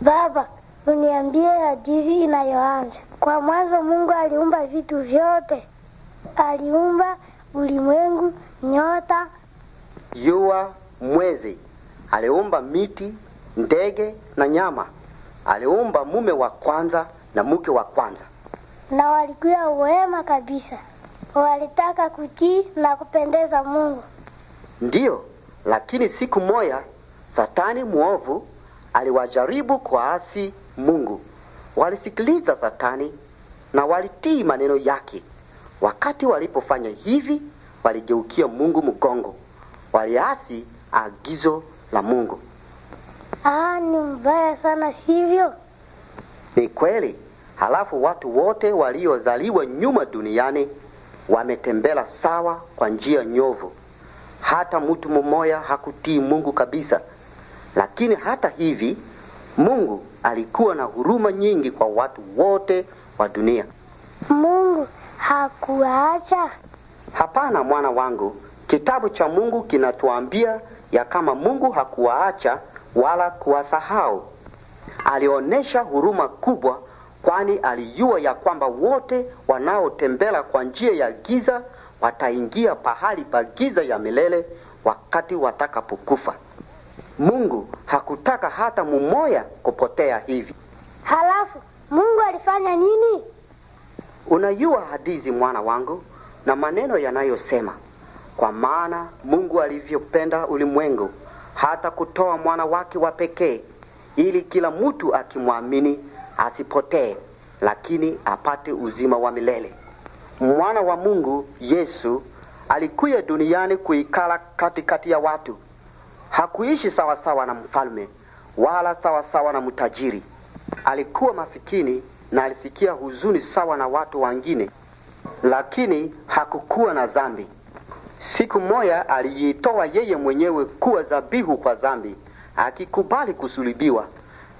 Baba, uniambie hadithi inayoanza. Kwa mwanzo Mungu aliumba vitu vyote. Aliumba ulimwengu, nyota, jua, mwezi. Aliumba miti, ndege na nyama. Aliumba mume wa kwanza na mke wa kwanza. Na walikuwa wema kabisa, walitaka kutii na kupendeza Mungu. Ndiyo, lakini siku moja Satani mwovu aliwajaribu kuasi Mungu. Walisikiliza Satani na walitii maneno yake. Wakati walipofanya hivi, waligeukia Mungu mgongo, waliasi agizo la Mungu. Aa, ah, ni mbaya sana, sivyo? Ni kweli. Halafu watu wote waliozaliwa nyuma duniani wametembela sawa kwa njia nyovu. Hata mtu mmoja hakutii Mungu kabisa. Lakini hata hivi Mungu alikuwa na huruma nyingi kwa watu wote wa dunia. Mungu hakuacha? Hapana, mwana wangu. Kitabu cha Mungu kinatuambia ya kama Mungu hakuwaacha wala kuwasahau. Alionyesha huruma kubwa, kwani alijua ya kwamba wote wanaotembela kwa njia ya giza wataingia pahali pa giza ya milele wakati watakapokufa. Mungu hakutaka hata mumoya kupotea hivi. Halafu Mungu alifanya nini? Unajua hadithi mwana wangu, na maneno yanayosema kwa maana Mungu alivyopenda ulimwengu hata kutoa mwana wake wa pekee, ili kila mtu akimwamini asipotee, lakini apate uzima wa milele. Mwana wa Mungu Yesu alikuja duniani kuikala katikati ya watu Hakuishi sawasawa sawa na mfalme wala sawasawa sawa na mtajiri. Alikuwa masikini na alisikia huzuni sawa na watu wengine, lakini hakukuwa na dhambi. Siku moja alijitoa yeye mwenyewe kuwa dhabihu kwa dhambi, akikubali kusulibiwa,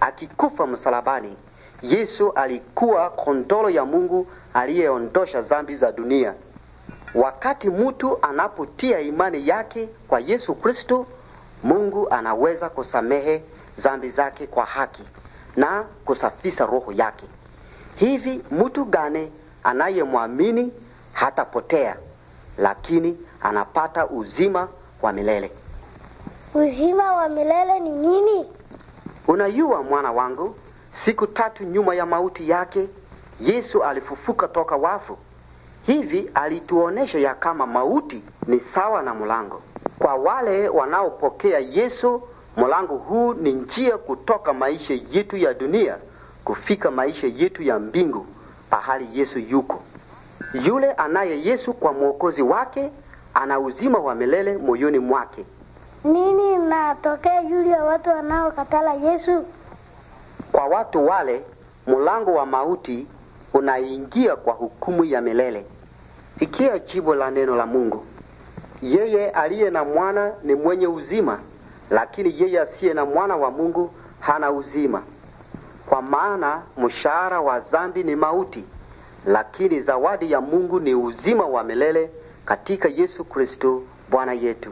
akikufa msalabani. Yesu alikuwa kondolo ya Mungu aliyeondosha dhambi za dunia. Wakati mtu anapotia imani yake kwa Yesu Kristo Mungu anaweza kusamehe zambi zake kwa haki na kusafisa roho yake. Hivi mtu gani anayemwamini hatapotea, lakini anapata uzima wa milele? Uzima wa milele ni nini? Unajua mwana wangu, siku tatu nyuma ya mauti yake Yesu alifufuka toka wafu. Hivi alituonesha ya kama mauti ni sawa na mlango. Kwa wale wanaopokea Yesu, mlango huu ni njia kutoka maisha yetu ya dunia kufika maisha yetu ya mbingu, pahali Yesu yuko. Yule anaye Yesu kwa mwokozi wake ana uzima wa milele moyoni mwake. Nini natokea yule watu wanaokatala Yesu? Kwa watu wale mlango wa mauti unaingia kwa hukumu ya milele. Sikia jibu la neno la Mungu. Yeye aliye na mwana ni mwenye uzima, lakini yeye asiye na mwana wa Mungu hana uzima. Kwa maana mshahara wa dhambi ni mauti, lakini zawadi ya Mungu ni uzima wa milele katika Yesu Kristo Bwana yetu.